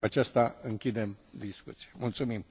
aceasta închidem discuția. mulțumim.